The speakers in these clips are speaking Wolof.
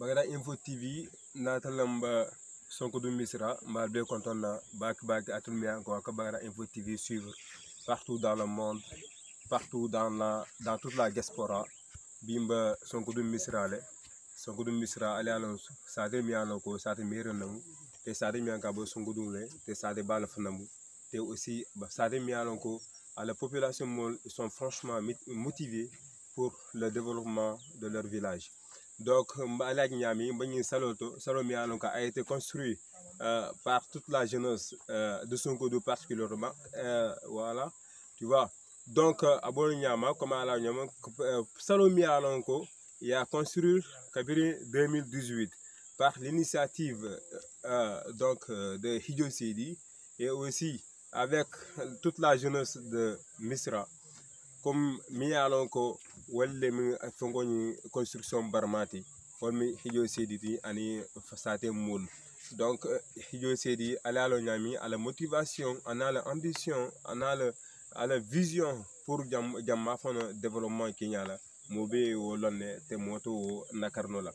bagada info tv natalamba sonko du misra mba be kontonna bak bak atul encore que bagada info tv suivre partout dans le monde partout dans la dans toute la diaspora bimba sonko du misra le sonko du misra ale alon sade mi alon ko sade mi renamu te sade mi anka bo sonko du le te sade bal fanamu te aussi sade mi à la population ils sont franchement motivés pour le développement de leur village donc, Mbalak Niami, Alonka a été construit euh, par toute la jeunesse euh, de son Sonkodo particulièrement. Euh, voilà, tu vois. Donc, Abon euh, comme il a construit Kabiri 2018 par l'initiative donc de Hidio Sidi et aussi avec toute la jeunesse de Misra comme mi ye a lon construction barmati formi miŋ hijoo ani fasate moolu donc eh, hijoo seedi ala ye a la motivation on a la ambition aniŋ a le la vision pour jam jamma fana développement kiña la moo be te moto to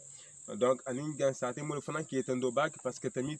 donc ani jaŋ saate moolu fanaŋ ka parce que tamit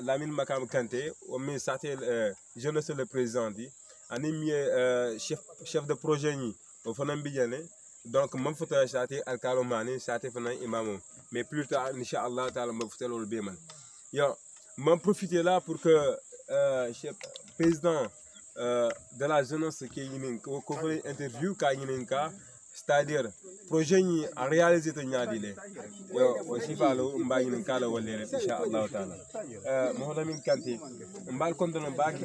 Lamine Makam Kanté, mais ça euh, je ne jeunesse le président dit, animé euh, chef chef de projet ni au fanam Donc mon foutage ça été al kalomani ça été imam. Mais plus tard Inch'Allah, taala mon le béman. Yo, m'en profiter là pour que euh, chef président euh, de la jeunesse qui est une interview qui est c'est-à-dire projet ni a réaliser to ñaadi le yo o sifalo mba ñin kala wolle insha Allah taala euh mo hono min kanti mbal kondo no baaki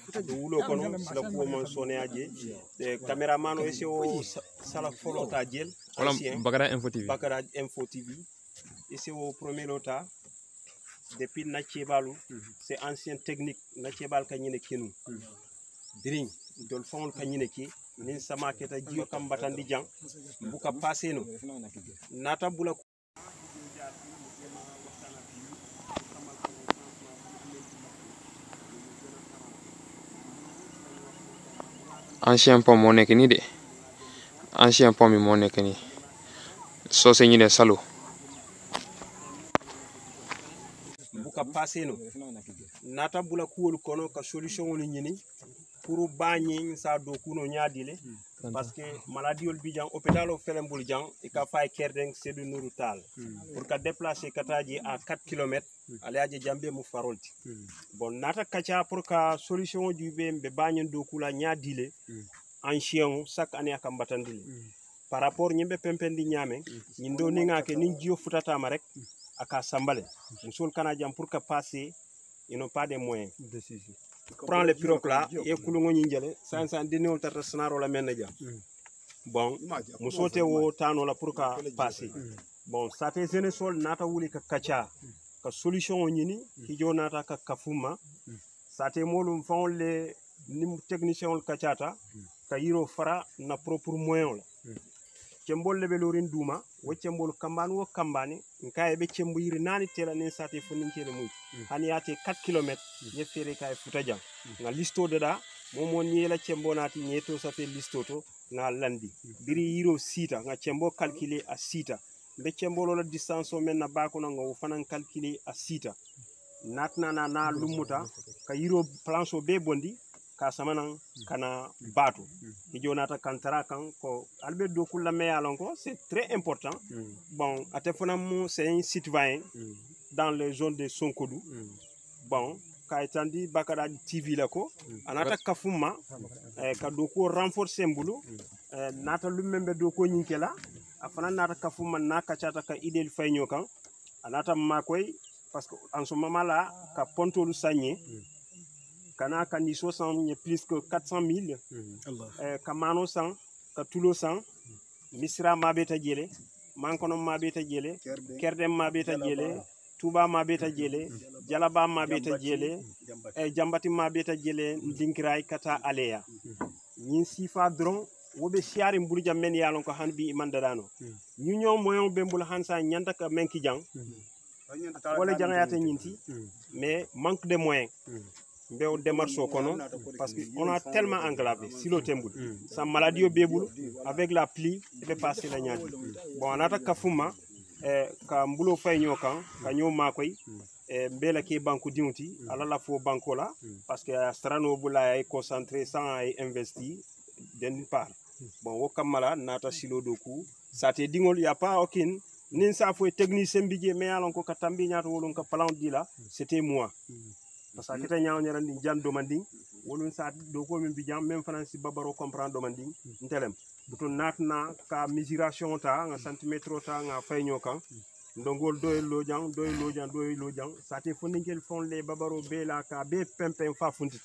wulo kono sila kuwo man soneya je caméraman o ese o sala folota jel wala bakara info tv bakara info tv ese o premier lota depuis naccebalu mhm. c'est ancien technique naccebal kañine kenu mhm. dirin dol fawol kañine ki nin sama keta jiyo kam batandi jang mhm. buka paseno nata bula ancien pont mo nek ni de ancien pont mi mo nek ni so se ñu ne salo buka paseno nata bula kuwolu kono ka solution wolu ñini pour bañing sa do kuno hmm. pas parce que maladie ol l'hôpital hôpital o e ka fay kerden hmm. pour ka déplacer kataji à 4 km alaje jambe mu farolti hmm. bon nata kacha pour que solution du be be do kula en chien chaque année par rapport ñimbe pempendi ñame do rek aka pour ka passer ils n'ont pas de moyens. prend mm. le pirogue là et ye kulungo ñinjale san san diniol tata snaro la men ja bon muso te wo tano la pour ka passer mm. bon ça fait zéné sol nata wuli ka kacha mm. ka solution ni ñini hijo nata ka kafuma ça sate molum faol le nim technicien ol kachata ka yiro fara na propre moyen la cembol le be lorin duma wo cembol kambani wo kambani nka be cembu yiri nani tela nin sati fo nin cele muy mm. hani 4 km ye mm. fere kay futa jang mm. nga listo de da momo nyela cembo nati nyeto sate listo to nga landi mm. biri yiro sita nga cembo calculer a sita be cembolo la distance o men na bako na nga wo fanan calculer a sita natna na na lumuta ka yiro planche o be bondi kasamanan mm. kana bato mm. mm. ni jonata kantara kan ko albe do kula me yalon ko c'est très important bon ate fana mu c'est un citoyen dans les zones de sonkodu bon ka itandi bakara tv la ko anata kafuma eh, ka do ko renforcer mbulu eh, nata lumembe do ko nyinkela afana nata kafuma na ka chata ka idel fayño kan anata makoy parce que en ce moment là ka pontolu sagné mm kana ka niso san nye plus que 400 000 mm -hmm. eh, ka mano san ka tulo san mm-hmm. misra ma beta jele mankono ma beta jele kerdem ma beta jele tuba ma beta mm-hmm. jele mm-hmm. jalaba ma beta jele e jambati ma beta jele dinkray kata aleya ñin sifa dron wo be siari mbulu jam men yalon ko hanbi imandadano ni ñoo moyon be mbul hansa ñanta ka menki jang wala jang yata ñinti mais manque de moyens démarche kono parce que on a tellement si silo tembul hmm. sa maladie avec la pluie il passé la ñaadi bon anata kafuma e ka mbulo Nyokan, ka a makoy un hmm. qui eh, ke banque diŋo hmm. alors la faut banco là parce que a sarano est ay concentré sans investir, investi d'une part bon wo nata silo ça te dit il y a pas aucune nin sa technicien mbije mais alors ko tambi wolon ka c'était moi parce que kita ñawñara ndin jan domandin wolum sa do ko min bijam même franci babaro comprendre domandin ntelem butun natna ka mesuration ta nga centimetre ta nga fayño kan ndongol doye lojan doye lojan doye lojan sate fondingel fonle babaro be la ka be pempen fa fundit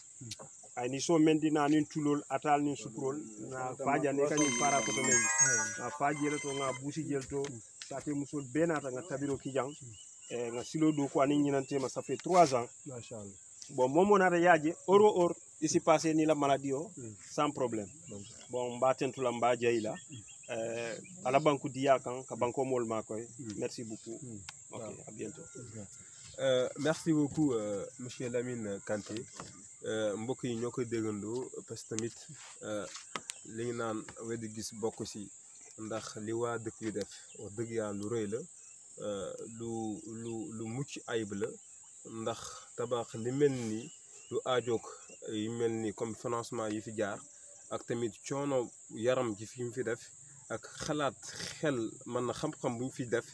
ay ni so mendina nin tulol atal nin suprol na faja ne kanyum para koto men na fajele to nga busi jelto sate musol benata nga tabiro kijang e eh, nga silo ɗo ko anin ñinantema ça fait trois ans machallah bon momo na nar a yaaje euro or isi passé ni la maladie o mm. sans problème bon mbaa tentula mba jayi la mm. eh, ala banku diya kan ka banque mool maa koy mm. merci beaucoup ok à bientôt eh, merci beaucoup euh, monsieur Lamine Kanté mbok yi ñokoy koy parce que tamit li ñaan naan weddi gis bokk ci ndax li wa dëkk bi def wax dëgg lu reuy la lu lu lu mucc ayib la ndax tabax li mel ni lu aajoog yu mel ni comme financement yi fi jaar ak tamit coono yaram ji fi mu fi def ak xalaat xel mën na xam-xam bu ñu fi def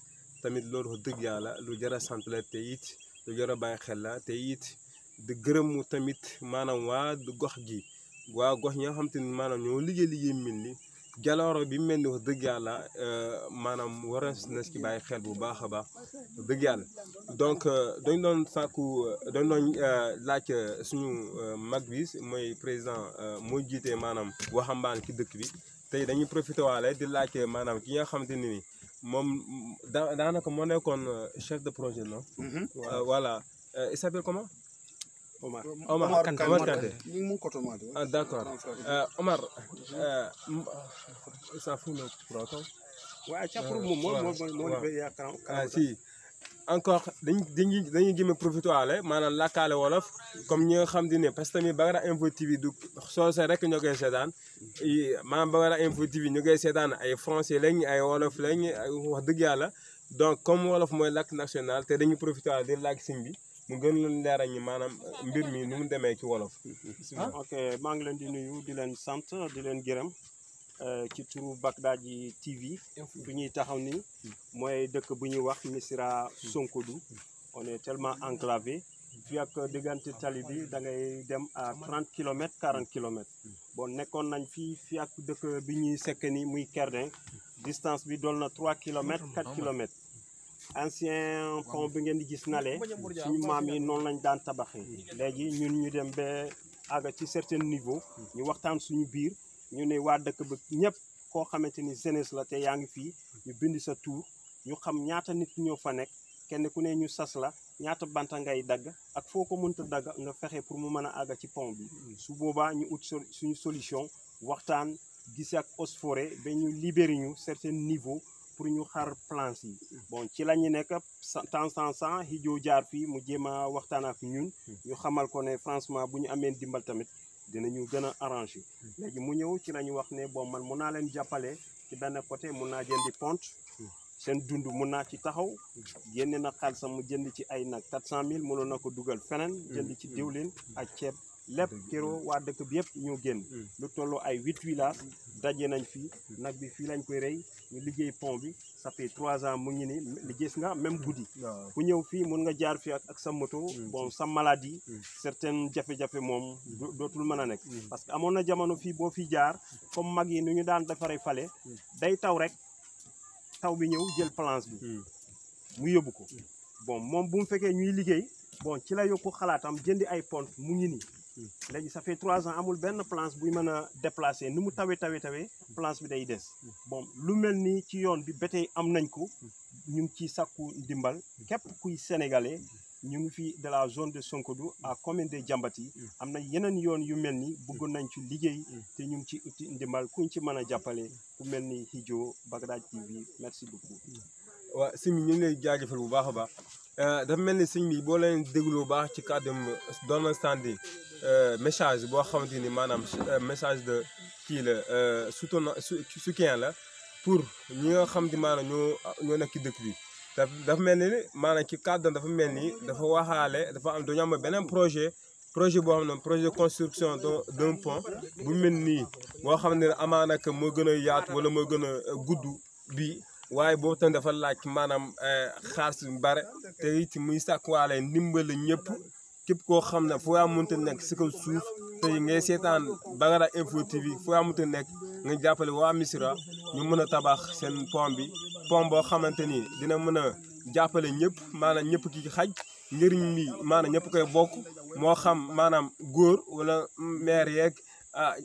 tamit loolu wax dëgg yàlla lu jar a sant la te it lu jar a bàyyi xel la te it di gërëmu tamit maanaam waa gox gi waa gox ñi nga xam te ne maanaam ñoo liggéey liggéey mel ni suis bi mel ni wax euh, war na ci suis xel bu yalla donc euh, dañ doon sàkku dañ doon euh, lacc suñu mag moy président moy jiite manam waxambaan ci dëkk bi tay dañuy profiter di nga ni chef de projet non mm-hmm. voilà il comment Omar Omar Kante Omar Kante ah d'accord euh, Omar euh safuno euh, proto waaw capru moom moo moo moo defee yaakaar ah si encore dañ dañu dañuy gëm a profité waale wolof comme ñi nga xam di ne parce que tamit Bagara Info TV du soose rek ñokay koy seetaan maanaam Bagara Info TV ñokay koy ay français lañ ay wolof lañ wax dëgg yàlla donc comme wolof moy lac national té dañuy profiter waale di lac siñ bi mu gën leen leeral ñi maanaam euh, mbir mi ci wolof. Ah, ngi di nuyu di leen sant di leen gërëm euh, ci TV. bu ñuy taxaw nii mooy dëkk bu ñuy wax Missirah Sonkodou. on est tellement enclavé. vu ak diggante tali da ngay dem à 30 km 40 km bon nekkoon nañ fi fi ak dëkk bi bini sekk nii muy Kerdin. distance bi doon 3 km 4 km ancien pont bi ngeen di gis nale suñu maam yi noonu lañ daan tabaxee léegi ñun ñu dem ba àgg ci certain niveau ñu waxtaan suñu biir ñu ne waa dëkk ba ñëpp koo xamante ni jeunesse la te yaa ngi fii ñu bind sa tuur ñu xam ñaata nit ñoo fa nekk kenn ku ne ñu sas la ñaata banta ngay dagg ak foo ko mënta dagg nga fexe pour mu mën a àgg ci pont bi su boobaa ñu ut suñu solution waxtaan gisee ak osphoré ba ñu libéré ñu certain niveau pour ñu xar planches yi bon ci la ñu nekk temps en temps Hidio jaar fii mu jéem a waxtaan ñun ñu xamal ko ne franchement bu ñu amee dimbal tamit dinañu gën a arrangé léegi mu ñëw ci la ñu wax ne bon man mun naa leen jàppale ki benn côté mun naa jëndi ponte seen dund mun naa ci taxaw génne na xaalisam mu jënd ci ay nag quatre cent mille mënoon na ko dugal feneen jënd ci diwlin ak ceeb lépp kero waa dëkk bi yëpp ñoo génn mm. lu tolloo ay huit villages daje nañ fii nag bi fii lañ koy rey ñu liggéey pont bi ça fait trois ans mu ngi ni liggéey nga même guddi mm. ku ñëw fii mun nga jaar fii ak sa moto mm. bon sa maladie certaines jafe-jafe moom dootul mën a nekk parce que amoon na jamono fii boo fi jaar comme mag yi nu ñu daan defaree fale day taw rek taw bi ñëw jël planche bi mu yóbbu ko bon moom bu mu fekkee ñuy liggéey bon ci la yokku xalaatam jëndi ay pont mu léegi ça fait trois ans amul benn planche buy mën a déplacer nu mu tawee tawee tawee planche bi day des bon lu mel ni ci yoon bi ba tey am nañ ko ñu ngi ciy sàkku ndimbal képp kuy sénégalais ñu ngi fi de la zone de Sonkodou a commune de Diambati am na yeneen yoon yu mel ni bëggoon nañ ci liggéey te ñu ngi ci ndimbal kuñ ci mën a jàppale ku mel ni Hijo Bagdad TV merci beaucoup. waa Simi ñu ngi lay jaajëfal bu baax a baax. Euh, dafa mel ni sëñ bi boo leen déglu baax ci cadre doon na message boo xamante ni maanaam euh, message de kii la euh, soutena soutien la pour ñi nga xam ne maanaam ñoo ñoo nekk ci dëkk bi. dafa mel ni maanaam ci cadre dafa mel ni dafa waxaale dafa am dañoo am beneen projet projet boo xam ne projet de construction d'un pont bu mel nii boo xam ne amaana que moo gën a yaatu wala moo gën a gudd bi waaye boobu te dafa laaj maanaam eh, xaalis bu bare te it muy ndimbal ndimbali ñëpp képp koo xam ne foo mënta nekk si kaw suuf te ngay seetaan Bagara Info TV foo mënta nekk nga jàppale waa Missirah ñu mën a tabax seen pont bi pont boo xamante ni dina mën a jàppale ñëpp maanaam ñëpp ki xaj njëriñ bi maanaam ñëpp koy bokk moo xam maanaam góor wala maire yeeg ah,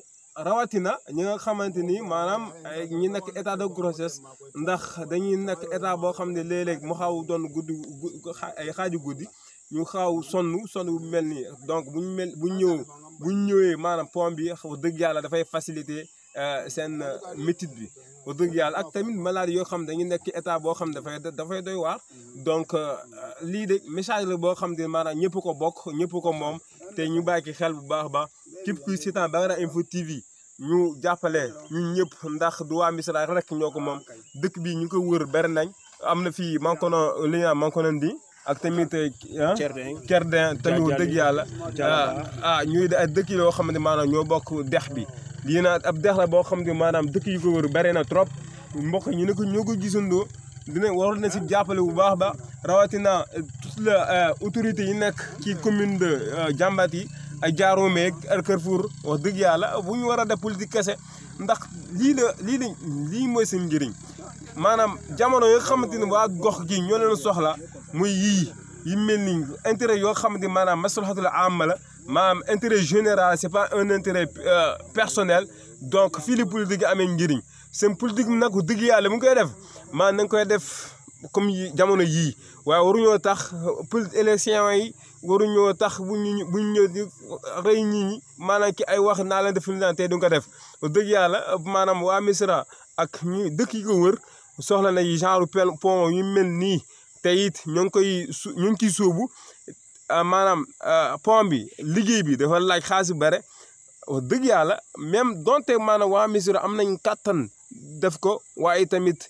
rawatina ñi nga xamanteni manam ñi nak état de grossesse ndax dañuy nak état bo xamné ne léeg mu xaw doon gudd ay xaju gudd ñu xaw sonu sonu bu mel donc buñ mel buñ ñëw buñ ñëwé manam pom bi deug yalla da fay faciliter euh, sen euh, métit bi. wax deug yalla ak tamit malade yo xam dañuy nekk état bo xam da fay da fay doy waar donc euh, li de message la bo xam ne manam ñëpp ko bok ñëpp ko mom té ñu bàyyi xel bu baax ba képp kuy seetaan Bangeraa info TV ñu jàppale ñun ñëpp ndax du waam Missirah rek ñoo ko moom dëkk bi ñu ko wër bari nañ am na fii mankono li ñu mankonon di ak tamit Cerdin tamit wu dëgg yàlla ah, ah ñuy de ay dëkk yoo xam ne maanaam ñoo bokk dex bi lii ab dex la boo xam ne maanaam dëkk yi ko wër bari na trop mbokk ñu ne ko ñoo ko gisandoo dina waroon na si jàppale bu baax ba rawatina eh, toute la eh, autorité yi nekk ci commune de eh, Diambaty yi ay jaaroo meeg al Carrefour wax dëgg yàlla bu ñu war a def politique kese ndax lii la lii lañ lii mooy seen njëriñ maanaam jamono yoo xamante ni waa gox gi ñoo leen soxla muy yii yi mel ni intérêt yoo xam ni maanaam maslahatul amma la maanaam intérêt général c'est pas un intérêt euh, personnel donc fii la politique amee njëriñ seen politique nag dëgg yàlla mu ngi koy def maa na koy def. comme yi jamono yii waaye waruñoo tax pol élection yi waruñoo tax bu ñu bu ñu ñëw ki ay wax naa leen def li naan tey du def dëgg yàlla maanaam waa Misra ak ñi dëkk yi ko wër soxla na genre pont mel nii te ñoo ngi koy su ñoo ngi ciy sóobu ah, maanaam ah, pont bi liggéey bi dafa laaj xaalis bu bare wax dëgg yàlla même donte maanaam waa Misra am nañ kàttan def ko waaye tamit.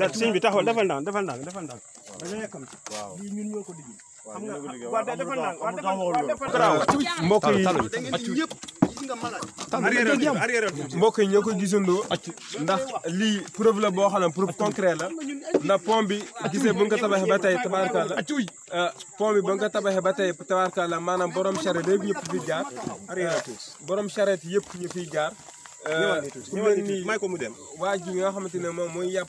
dat sëñ bi taxawal defal ndànk defal ndànk defal ndànk da nga yàkkam lii ñun ñoo ko liggéey xam nga waaw defal ndànk waaw defal ndànk mbokk yi mbokk yi ñoo ko gisandoo ndax lii preuve la boo xam ne preuve concret la ndax pont bi gisee bu nga ko tabaxee ba tey tabaarkalla euh, pont bi ba nga ko tabaxee ba tey tabaarkalla maanaam borom charette yëpp ñëpp fi jaar euh, borom charette yëpp ñu fiy jaar. ñëwaat euh, nii may ko mu dem waa ji nga xamante ne moom mooy yàpp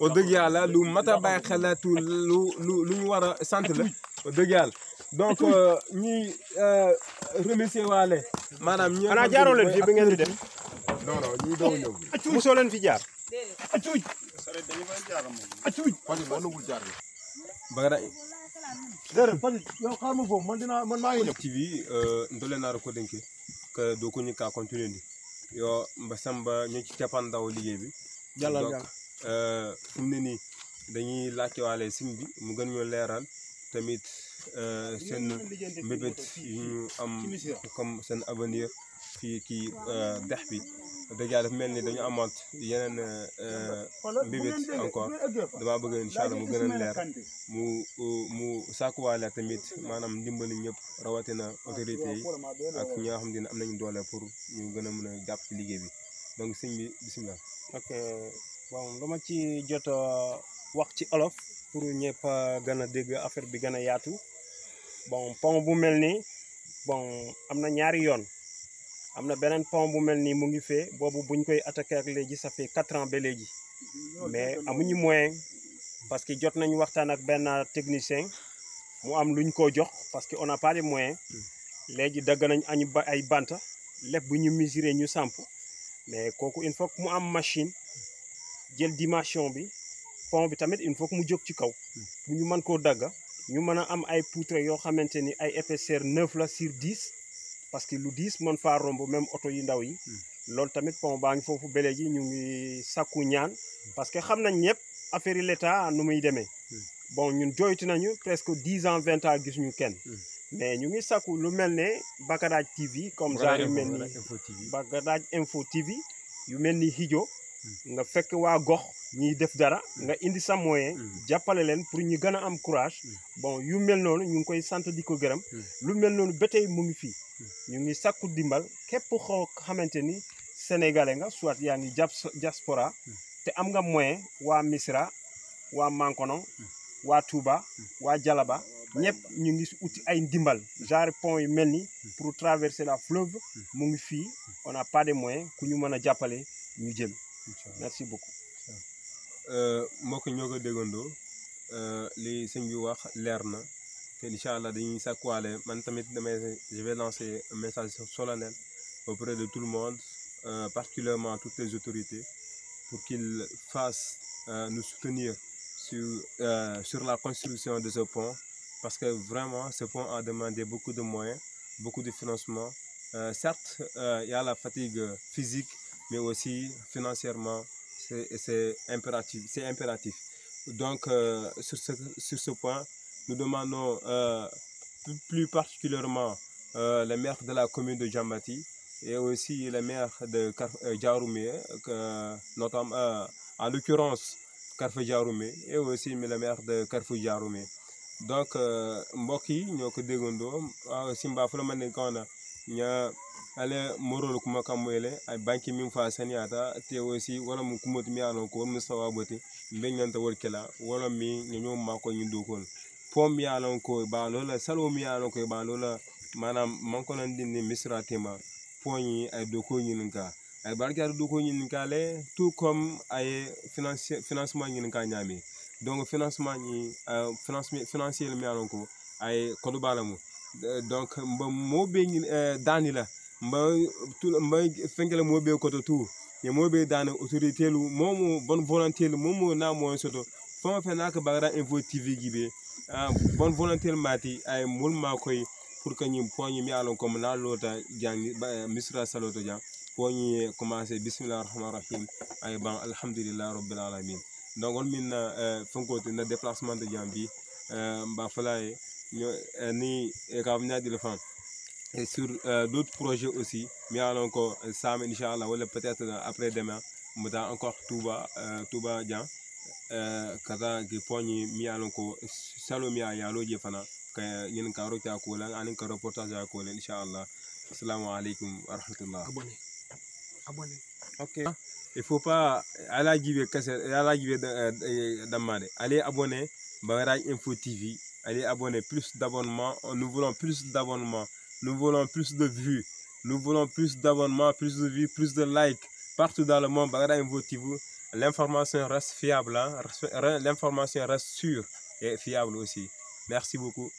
wax dëgg yàlla lu mat a bàyyi xelatu lu lu lu ñu war a sant la wax dëgg yàlla donc euh, ñuy euh, remercier waale maanaam ñi xanaa jaaroo leen fii bi ngeen di dem non non ñuy doon ñëw mosoo leen fi jaar acuuj acuuj bagara dere pati man dinaa man maa ngi ñëw TV euh, ndole naa ko dénke que doo ko ñu yo mba samba ñu ci cappaandaw liggéey bi jàllal Euh, fu mu ne nii dañuy laajtewaale sim bi mu gën ñu leeral tamit euh, seen mbébét yu ñu am comme seen avenir fii kii euh, dex bi dëgg yàlla dafa mel ni dañu amaat yeneen mbébét encore damaa bëgg incha allah mu gën a leer mu mu sàkkuwaale tamit maanaam ndimbali ñëpp rawatina autorités yi ak ñaaxam nga am nañu doole pour ñu gën a mën a jàpp ci liggéey bi donc sëñ bi bisimilah. bon lu ma ci jot a wax ci olof pour ñëpp gën a dégg affaire bi gën a yaatu bon pont bu mel ni bon am na ñaari yoon am na beneen pont bu mel ni mu ngi fee boobu buñ koy attaqué ak léegi ça fait quatre ans ba léegi mais ñu moyen parce que jot nañ waxtaan ak benn technicien mu am luñ ko jox parce que on n'a pas les moyens léegi dagg nañ añu ay banta lépp bu ñu mesurer ñu samp mais kooku il faut mu am machine jël dimension bi pont bi tamit il faut que mu jóg ci kaw ñu mën ko dagg ñu mëna am ay poutre yo xamanteni ay épaisseur 9 la sur dix parce que lu 10 mën fa romb même auto yi ndaw yi lool tamit pont baa ngi foofu ba léegi ñu ngi sakku ñaan parce que xam nañ affaire l'état nu muy démé bon ñun joytu nañu presque 10 ans 20 ans gis ñu kenn mais ñu ngi sakku lu mel ne Bakadaj TV comme genre melni mel Bakadaj Info TV yu melni ni Hijo Mmh. nga fekk wa gox ñi def dara mmh. nga indi sa moyen mmh. jappalé len pour ñu gëna am courage bon yu mel noonu ñu koy sante diko lu mel non ba mu ngi fi ñu ngi sakku dimbal képp xamanteni sénégalais nga soit diaspora te am nga moyen wa Misra wa Mankono wa Touba wa Jalaba ñep ñu ngi ay pour traverser la fleuve on a pas de moyens ku ñu merci beaucoup. je vais lancer un message solennel auprès de tout le monde Particulièrement euh, particulièrement toutes les autorités pour qu'ils fassent euh, nous soutenir sur, euh, sur la construction de ce pont parce que vraiment ce pont a demandé beaucoup de moyens, beaucoup de financement. certes, il y a la fatigue physique mais aussi financièrement, c'est impératif, c'est impératif. Donc, euh, sur, ce, sur ce point, nous demandons euh, plus, particulièrement euh, les le maire de la commune de Djambati et aussi les maire de Djaroumé, notamment en l'occurrence Carrefour Djaroumé et aussi le maire de Carrefour Djaroumé. Donc, Mboki, nous avons aussi ale morol kuma kam ele ay banki min fa saniyata te aussi wala mu kumot mi anon ko mu sawa boti ñanta nanta wolkela wala mi ñoño mako ñu dokon pom mi alon ko ba lola salo mi alon ko ba lola manam manko nan din ni misra tema poñi ay doko ñinin nka ay barki do doko ñinin nka le tout comme ay financier financement ñinin nka ñami donc financement ñi financement financier mi alon ko ay ko do balamu donc mbo mo be ñin eh, dani la mbawi fenkele moɓe koto tout ye moɓe dane autorité lu momo bon volonté lu momo na moyen soto fama fe naka bagara info tv gibe ah, bonne volonté mati ay mul ma koy pour que ñim poñi mi alon comme na lota jangi misra saloto jang poñi commencé bismillahir rahmanir rahim ay ban alhamdulillah rabbil alamin donc on min euh, fonkote na déplacement de jang jambi euh, mba falaye ni e ka vnya di le fan et sur euh, d'autres projets aussi. Mais alors encore Sam, euh, Inch'Allah, ou peut-être euh, après-demain, on va encore Touba, euh, Touba Djan. Euh, Kata ke poñi mi alon salo mi a yalo fana ka yen ka rokta ko la anin ka reportage ko la inshallah assalamu alaikum wa rahmatullah abonné abonné ok il faut pas ala jibe kase ala jibe damade allez abonner Barrage Info TV allez abonner plus d'abonnements nous voulons plus d'abonnements nous voulons plus de vues. Nous voulons plus d'abonnements, plus de vues, plus de likes. Partout dans le monde, l'information reste fiable. Hein. L'information reste sûre et fiable aussi. Merci beaucoup.